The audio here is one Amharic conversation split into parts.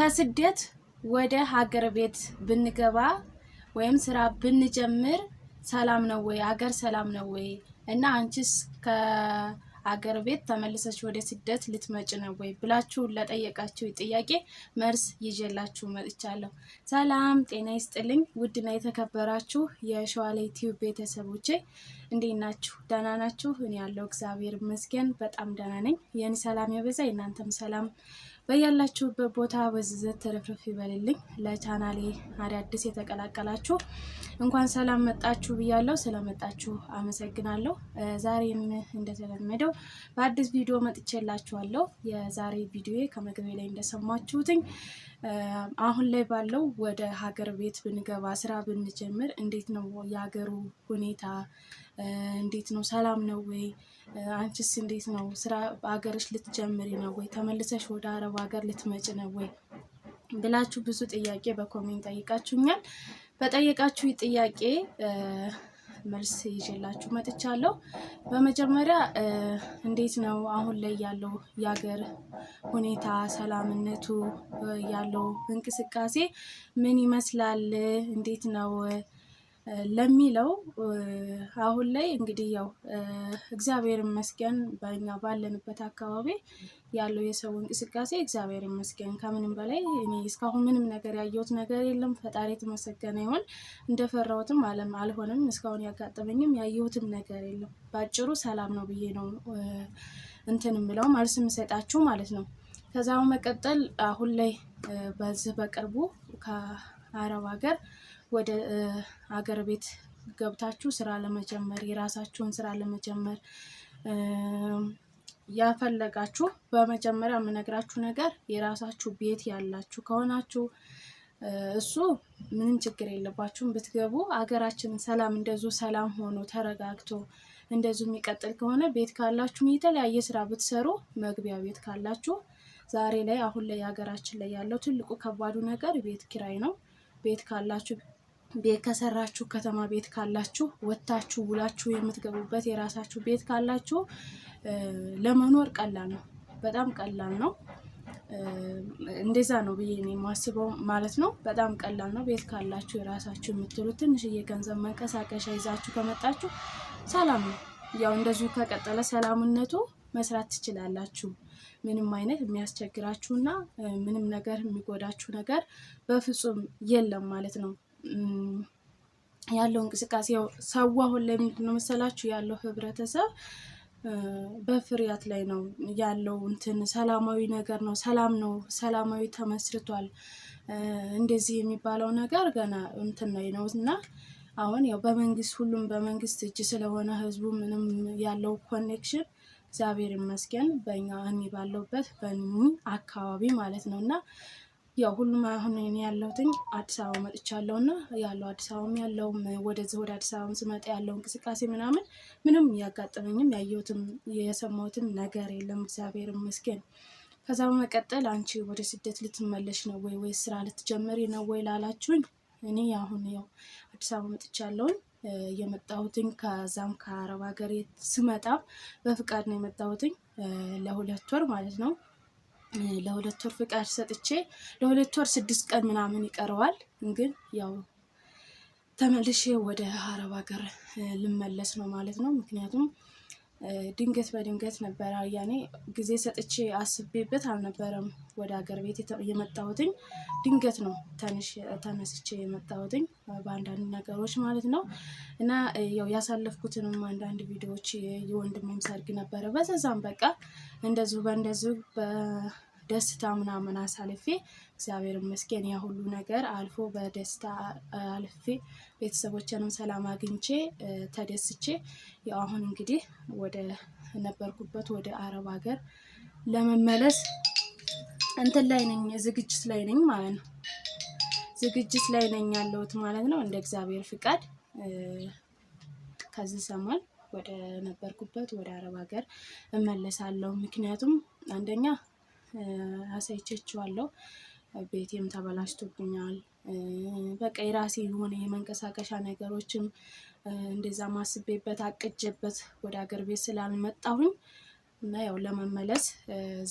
ከስደት ወደ ሀገር ቤት ብንገባ ወይም ስራ ብንጀምር ሰላም ነው ወይ? ሀገር ሰላም ነው ወይ? እና አንቺስ ከሀገር ቤት ተመልሰች ወደ ስደት ልትመጭ ነው ወይ ብላችሁ ለጠየቃችሁ ጥያቄ መርስ ይዤላችሁ መጥቻለሁ። ሰላም ጤና ይስጥልኝ። ውድና የተከበራችሁ የሸዋላ ዩቲዩብ ቤተሰቦቼ እንዴት ናችሁ? ደህና ናችሁ? እኔ ያለው እግዚአብሔር ይመስገን በጣም ደህና ነኝ። የኔ ሰላም የበዛ የእናንተም ሰላም በያላችሁበት ቦታ በዝዘት ተረፍረፍ ይበልልኝ። ለቻናሌ አዳዲስ የተቀላቀላችሁ እንኳን ሰላም መጣችሁ ብያለሁ። ስለመጣችሁ አመሰግናለሁ። ዛሬም እንደተለመደው በአዲስ ቪዲዮ መጥቼላችኋለሁ። የዛሬ ቪዲዮ ከመግቢያ ላይ እንደሰማችሁትኝ አሁን ላይ ባለው ወደ ሀገር ቤት ብንገባ ስራ ብንጀምር እንዴት ነው የሀገሩ ሁኔታ? እንዴት ነው? ሰላም ነው ወይ አንቺስ እንዴት ነው? ስራ በሀገርሽ ልትጀምሪ ነው ወይ? ተመልሰሽ ወደ አረብ ሀገር ልትመጭ ነው ወይ ብላችሁ ብዙ ጥያቄ በኮሜንት ጠይቃችሁኛል። በጠየቃችሁ ጥያቄ መልስ ይዤላችሁ መጥቻለሁ። በመጀመሪያ እንዴት ነው አሁን ላይ ያለው የሀገር ሁኔታ፣ ሰላምነቱ፣ ያለው እንቅስቃሴ ምን ይመስላል? እንዴት ነው ለሚለው አሁን ላይ እንግዲህ ያው እግዚአብሔር ይመስገን በእኛ ባለንበት አካባቢ ያለው የሰው እንቅስቃሴ እግዚአብሔር ይመስገን ከምንም በላይ እኔ እስካሁን ምንም ነገር ያየሁት ነገር የለም። ፈጣሪ የተመሰገነ ይሁን። እንደፈራሁትም አለም አልሆንም። እስካሁን ያጋጠመኝም ያየሁትም ነገር የለም። በአጭሩ ሰላም ነው ብዬ ነው እንትን የምለው መልስ የምሰጣችሁ ማለት ነው። ከዛ መቀጠል አሁን ላይ በዚህ በቅርቡ ከአረብ ሀገር ወደ አገር ቤት ገብታችሁ ስራ ለመጀመር የራሳችሁን ስራ ለመጀመር ያፈለጋችሁ በመጀመሪያ የምነግራችሁ ነገር የራሳችሁ ቤት ያላችሁ ከሆናችሁ እሱ ምንም ችግር የለባችሁም። ብትገቡ አገራችንን ሰላም እንደዚሁ ሰላም ሆኖ ተረጋግቶ እንደዚሁ የሚቀጥል ከሆነ ቤት ካላችሁ የተለያየ ስራ ብትሰሩ መግቢያ ቤት ካላችሁ ዛሬ ላይ አሁን ላይ ሀገራችን ላይ ያለው ትልቁ ከባዱ ነገር ቤት ኪራይ ነው። ቤት ካላችሁ ቤት ከሰራችሁ ከተማ ቤት ካላችሁ ወታችሁ ውላችሁ የምትገቡበት የራሳችሁ ቤት ካላችሁ ለመኖር ቀላል ነው። በጣም ቀላል ነው። እንደዛ ነው ብዬ እኔ የማስበው ማለት ነው። በጣም ቀላል ነው። ቤት ካላችሁ የራሳችሁ የምትሉት ትንሽዬ ገንዘብ መንቀሳቀሻ ይዛችሁ ከመጣችሁ ሰላም ነው። ያው እንደዚሁ ከቀጠለ ሰላምነቱ መስራት ትችላላችሁ። ምንም አይነት የሚያስቸግራችሁና ምንም ነገር የሚጎዳችሁ ነገር በፍጹም የለም ማለት ነው። ያለው እንቅስቃሴ ሰው አሁን ላይ ምንድን ነው መሰላችሁ ያለው ህብረተሰብ በፍርያት ላይ ነው ያለው። እንትን ሰላማዊ ነገር ነው፣ ሰላም ነው፣ ሰላማዊ ተመስርቷል። እንደዚህ የሚባለው ነገር ገና እንትን ላይ ነው እና አሁን ያው በመንግስት ሁሉም በመንግስት እጅ ስለሆነ ህዝቡ ምንም ያለው ኮኔክሽን እግዚአብሔር ይመስገን በእኛ እኔ ባለሁበት አካባቢ ማለት ነው እና ያው ሁሉም አሁን ያለሁትኝ አዲስ አበባ መጥቻለሁ እና ያለው አዲስ አበባም ያለውም ወደዚህ ወደ አዲስ አበባም ስመጣ ያለው እንቅስቃሴ ምናምን ምንም ያጋጠመኝም ያየሁትም የሰማሁትም ነገር የለም። እግዚአብሔር ይመስገን። ከዛ በመቀጠል አንቺ ወደ ስደት ልትመለሽ ነው ወይ ወይ ስራ ልትጀምሪ ነው ወይ ላላችሁኝ እኔ አሁን ያው አዲስ አበባ መጥቻለሁኝ። የመጣሁትኝ ከዛም ከአረብ ሀገር ስመጣ በፍቃድ ነው የመጣሁትኝ ለሁለት ወር ማለት ነው። ለሁለት ወር ፍቃድ ሰጥቼ ለሁለት ወር ስድስት ቀን ምናምን ይቀረዋል። ግን ያው ተመልሼ ወደ አረብ ሀገር ልመለስ ነው ማለት ነው። ምክንያቱም ድንገት በድንገት ነበረ። ያኔ ጊዜ ሰጥቼ አስቤበት አልነበረም ወደ ሀገር ቤት የመጣሁትኝ። ድንገት ነው ተነስቼ የመጣሁትኝ በአንዳንድ ነገሮች ማለት ነው። እና ያው ያሳለፍኩትንም አንዳንድ ቪዲዮዎች የወንድሜም ሰርግ ነበረ። በዛም በቃ እንደዚሁ በእንደዚሁ ደስታ ምናምን አሳልፌ እግዚአብሔር ይመስገን ያ ሁሉ ነገር አልፎ በደስታ አልፌ ቤተሰቦችንም ሰላም አግኝቼ ተደስቼ ያው አሁን እንግዲህ ወደ ነበርኩበት ወደ አረብ ሀገር ለመመለስ እንትን ላይ ነኝ፣ ዝግጅት ላይ ነኝ ማለት ነው። ዝግጅት ላይ ነኝ ያለሁት ማለት ነው። እንደ እግዚአብሔር ፍቃድ ከዚህ ሰሞን ወደ ነበርኩበት ወደ አረብ ሀገር እመለሳለሁ። ምክንያቱም አንደኛ አሳይቻችኋለሁ። ቤቴም ተበላሽቶብኛል። በቃ የራሴ የሆነ የመንቀሳቀሻ ነገሮችም እንደዛ ማስቤበት አቅጀበት ወደ አገር ቤት ስላልመጣሁኝ እና ያው ለመመለስ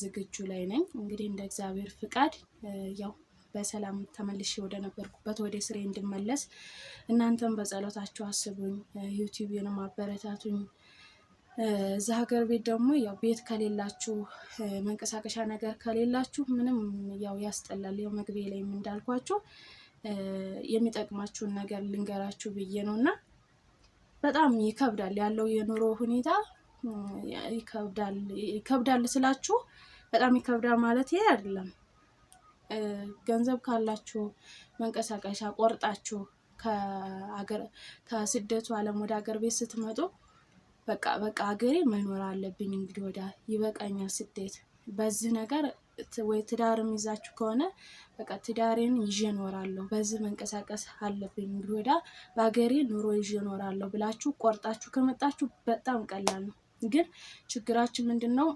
ዝግጁ ላይ ነኝ። እንግዲህ እንደ እግዚአብሔር ፍቃድ ያው በሰላም ተመልሼ ወደ ነበርኩበት ወደ ስሬ እንድመለስ እናንተም በጸሎታችሁ አስቡኝ፣ ዩቲዩብንም አበረታቱኝ። እዛ ሀገር ቤት ደግሞ ያው ቤት ከሌላችሁ መንቀሳቀሻ ነገር ከሌላችሁ ምንም ያው ያስጠላል። ያው መግቢያ ላይም እንዳልኳችሁ የሚጠቅማችሁን ነገር ልንገራችሁ ብዬ ነው እና በጣም ይከብዳል ያለው የኑሮ ሁኔታ ይከብዳል ስላችሁ በጣም ይከብዳል ማለት ይሄ አይደለም። ገንዘብ ካላችሁ መንቀሳቀሻ ቆርጣችሁ ከስደቱ ዓለም ወደ ሀገር ቤት ስትመጡ በቃ በቃ ሀገሬ መኖር አለብኝ እንግዲህ ወዳ ይበቃኛል ስደት። በዚህ ነገር ወይ ትዳር ይዛችሁ ከሆነ በቃ ትዳሬን ይዤ እኖራለሁ፣ በዚህ መንቀሳቀስ አለብኝ እንግዲህ ወዳ በሀገሬ ኑሮ ይዤ እኖራለሁ ብላችሁ ቆርጣችሁ ከመጣችሁ በጣም ቀላል ነው። ግን ችግራችን ምንድን ነው?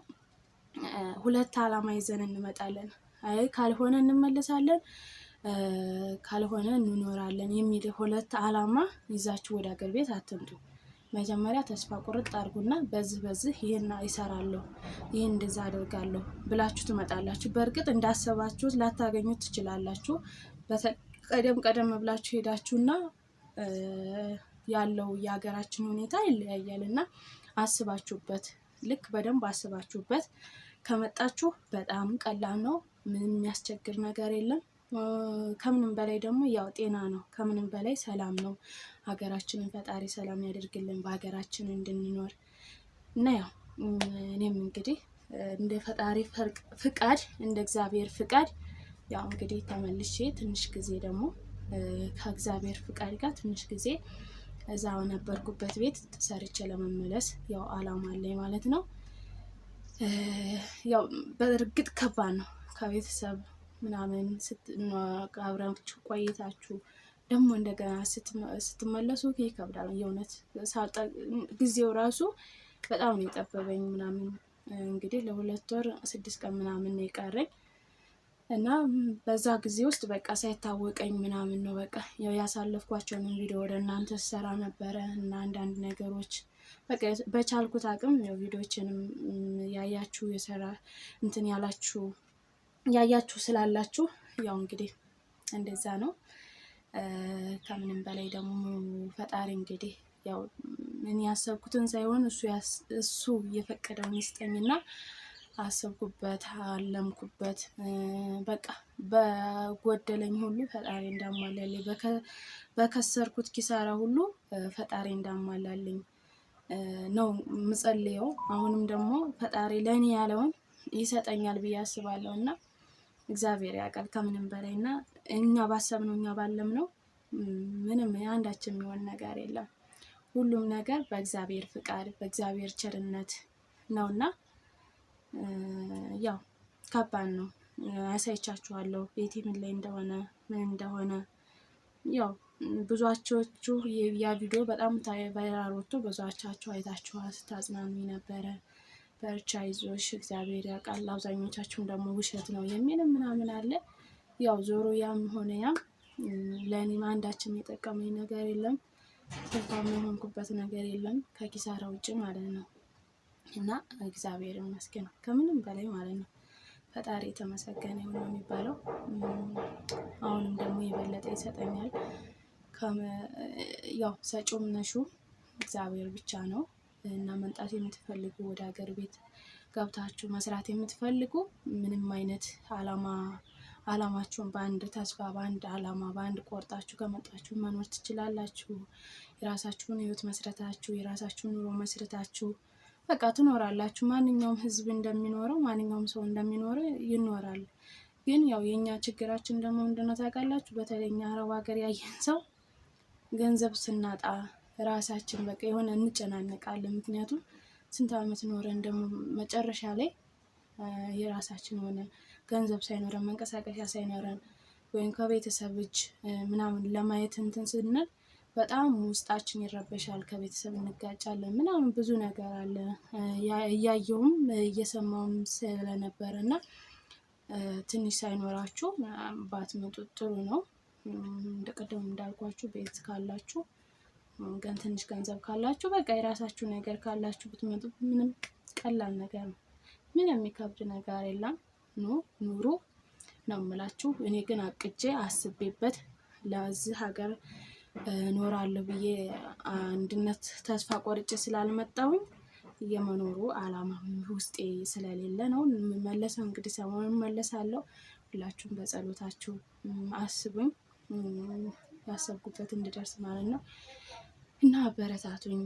ሁለት ዓላማ ይዘን እንመጣለን። አይ ካልሆነ እንመለሳለን ካልሆነ እንኖራለን የሚል ሁለት ዓላማ ይዛችሁ ወደ ሀገር ቤት አትምጡ። መጀመሪያ ተስፋ ቁርጥ አድርጉና በዚህ በዚህ ይህን ይሰራለሁ፣ ይህ እንደዛ አደርጋለሁ ብላችሁ ትመጣላችሁ። በእርግጥ እንዳሰባችሁት ላታገኙት ትችላላችሁ። ቀደም ቀደም ብላችሁ ሄዳችሁና ያለው የሀገራችን ሁኔታ ይለያያል እና አስባችሁበት ልክ በደንብ አስባችሁበት ከመጣችሁ በጣም ቀላል ነው። ምንም የሚያስቸግር ነገር የለም። ከምንም በላይ ደግሞ ያው ጤና ነው። ከምንም በላይ ሰላም ነው። ሀገራችንን ፈጣሪ ሰላም ያደርግልን፣ በሀገራችን እንድንኖር እና ያው እኔም እንግዲህ እንደ ፈጣሪ ፍቃድ እንደ እግዚአብሔር ፍቃድ ያው እንግዲህ ተመልሼ ትንሽ ጊዜ ደግሞ ከእግዚአብሔር ፍቃድ ጋር ትንሽ ጊዜ እዛ በነበርኩበት ቤት ሰርቼ ለመመለስ ያው አላማ አለኝ ማለት ነው። ያው በእርግጥ ከባድ ነው ከቤተሰብ ምናምን አብራችሁ ቆይታችሁ ደግሞ እንደገና ስትመለሱ ይከብዳል። የእውነት ጊዜው ራሱ በጣም ነው የጠበበኝ ምናምን እንግዲህ ለሁለት ወር ስድስት ቀን ምናምን ነው የቀረኝ እና በዛ ጊዜ ውስጥ በቃ ሳይታወቀኝ ምናምን ነው በቃ ያሳለፍኳቸውን ቪዲዮ ወደ እናንተ ሰራ ነበረ እና አንዳንድ ነገሮች በቻልኩት አቅም ቪዲዮችንም ያያችሁ የሰራ እንትን ያላችሁ ያያችሁ ስላላችሁ ያው እንግዲህ እንደዛ ነው። ከምንም በላይ ደግሞ ፈጣሪ እንግዲህ ያው እኔ ያሰብኩትን ሳይሆን እሱ የፈቀደውን ይስጠኝና አሰብኩበት፣ አለምኩበት በቃ በጎደለኝ ሁሉ ፈጣሪ እንዳሟላልኝ፣ በከሰርኩት ኪሳራ ሁሉ ፈጣሪ እንዳሟላልኝ ነው ምጸልየው። አሁንም ደግሞ ፈጣሪ ለእኔ ያለውን ይሰጠኛል ብዬ አስባለሁ እና እግዚአብሔር ያውቃል ከምንም በላይ እና እኛ ባሰብነው እኛ ባለምነው ምንም አንዳችን የሚሆን ነገር የለም። ሁሉም ነገር በእግዚአብሔር ፍቃድ በእግዚአብሔር ቸርነት ነውና ያው ከባድ ነው። ያሳይቻችኋለሁ ቤቴ ምን ላይ እንደሆነ ምን እንደሆነ ያው ብዙዎቻችሁ ያ ቪዲዮ በጣም ቫይራል ወጥቶ ብዙዎቻችሁ አይታችኋ ስታጽናኑ ነበረ። በርቻ ይዞሽ እግዚአብሔር ያውቃል። አብዛኞቻችሁም ደግሞ ውሸት ነው የሚልም ምናምን አለ። ያው ዞሮ ያም ሆነ ያም ለእኔም አንዳችም የጠቀመኝ ነገር የለም፣ ተስፋም የሆንኩበት ነገር የለም ከኪሳራ ውጭ ማለት ነው። እና እግዚአብሔር ይመስገን ከምንም በላይ ማለት ነው። ፈጣሪ የተመሰገነ ነው የሚባለው። አሁንም ደግሞ የበለጠ ይሰጠኛል። ያው ሰጪውም ነሹ እግዚአብሔር ብቻ ነው። እና መምጣት የምትፈልጉ ወደ ሀገር ቤት ገብታችሁ መስራት የምትፈልጉ ምንም አይነት አላማ አላማችሁን በአንድ ተስፋ በአንድ አላማ በአንድ ቆርጣችሁ ከመጣችሁ መኖር ትችላላችሁ። የራሳችሁን ህይወት መስረታችሁ የራሳችሁን ኑሮ መስረታችሁ በቃ ትኖራላችሁ። ማንኛውም ህዝብ እንደሚኖረው ማንኛውም ሰው እንደሚኖረው ይኖራል። ግን ያው የእኛ ችግራችን ደግሞ ምንድነው ታውቃላችሁ? በተለይ እኛ አረብ ሀገር ያየን ሰው ገንዘብ ስናጣ ራሳችን በቃ የሆነ እንጨናነቃለን። ምክንያቱም ስንት ዓመት ኖረን ደግሞ መጨረሻ ላይ የራሳችን ሆነ ገንዘብ ሳይኖረን መንቀሳቀሻ ሳይኖረን ወይም ከቤተሰብ እጅ ምናምን ለማየት እንትን ስንል በጣም ውስጣችን ይረበሻል። ከቤተሰብ እንጋጫለን ምናምን ብዙ ነገር አለ። እያየውም እየሰማውም ስለነበረ እና ትንሽ ሳይኖራችሁ ባትመጡ ጥሩ ነው። እንደቀደም እንዳልኳችሁ ቤት ካላችሁ ግን ትንሽ ገንዘብ ካላችሁ በቃ የራሳችሁ ነገር ካላችሁ ብትመጡ ምንም ቀላል ነገር ነው። ምን የሚከብድ ነገር የለም። ኑ ኑሩ ነው የምላችሁ። እኔ ግን አቅጄ አስቤበት ለዚህ ሀገር እኖራለሁ ብዬ አንድነት ተስፋ ቆርጬ ስላልመጣሁኝ የመኖሩ አላማ ውስጤ ስለሌለ ነው የምመለሰው። እንግዲህ ሰሞኑን እመለሳለሁ። ሁላችሁም በጸሎታችሁ አስቡኝ። ያሰብኩበት እንድደርስ ማለት ነው። እና አበረታቱኝ።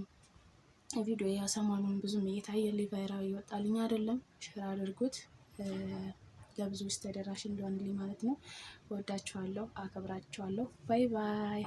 ቪዲዮ ያው ሰሞኑን ብዙም እየታየልኝ ቫይራዊ ይወጣልኝ አይደለም። ሽር አድርጉት ለብዙዎች ተደራሽ እንዲሆንልኝ ማለት ነው። ወዳችኋለሁ፣ አከብራችኋለሁ። ባይ ባይ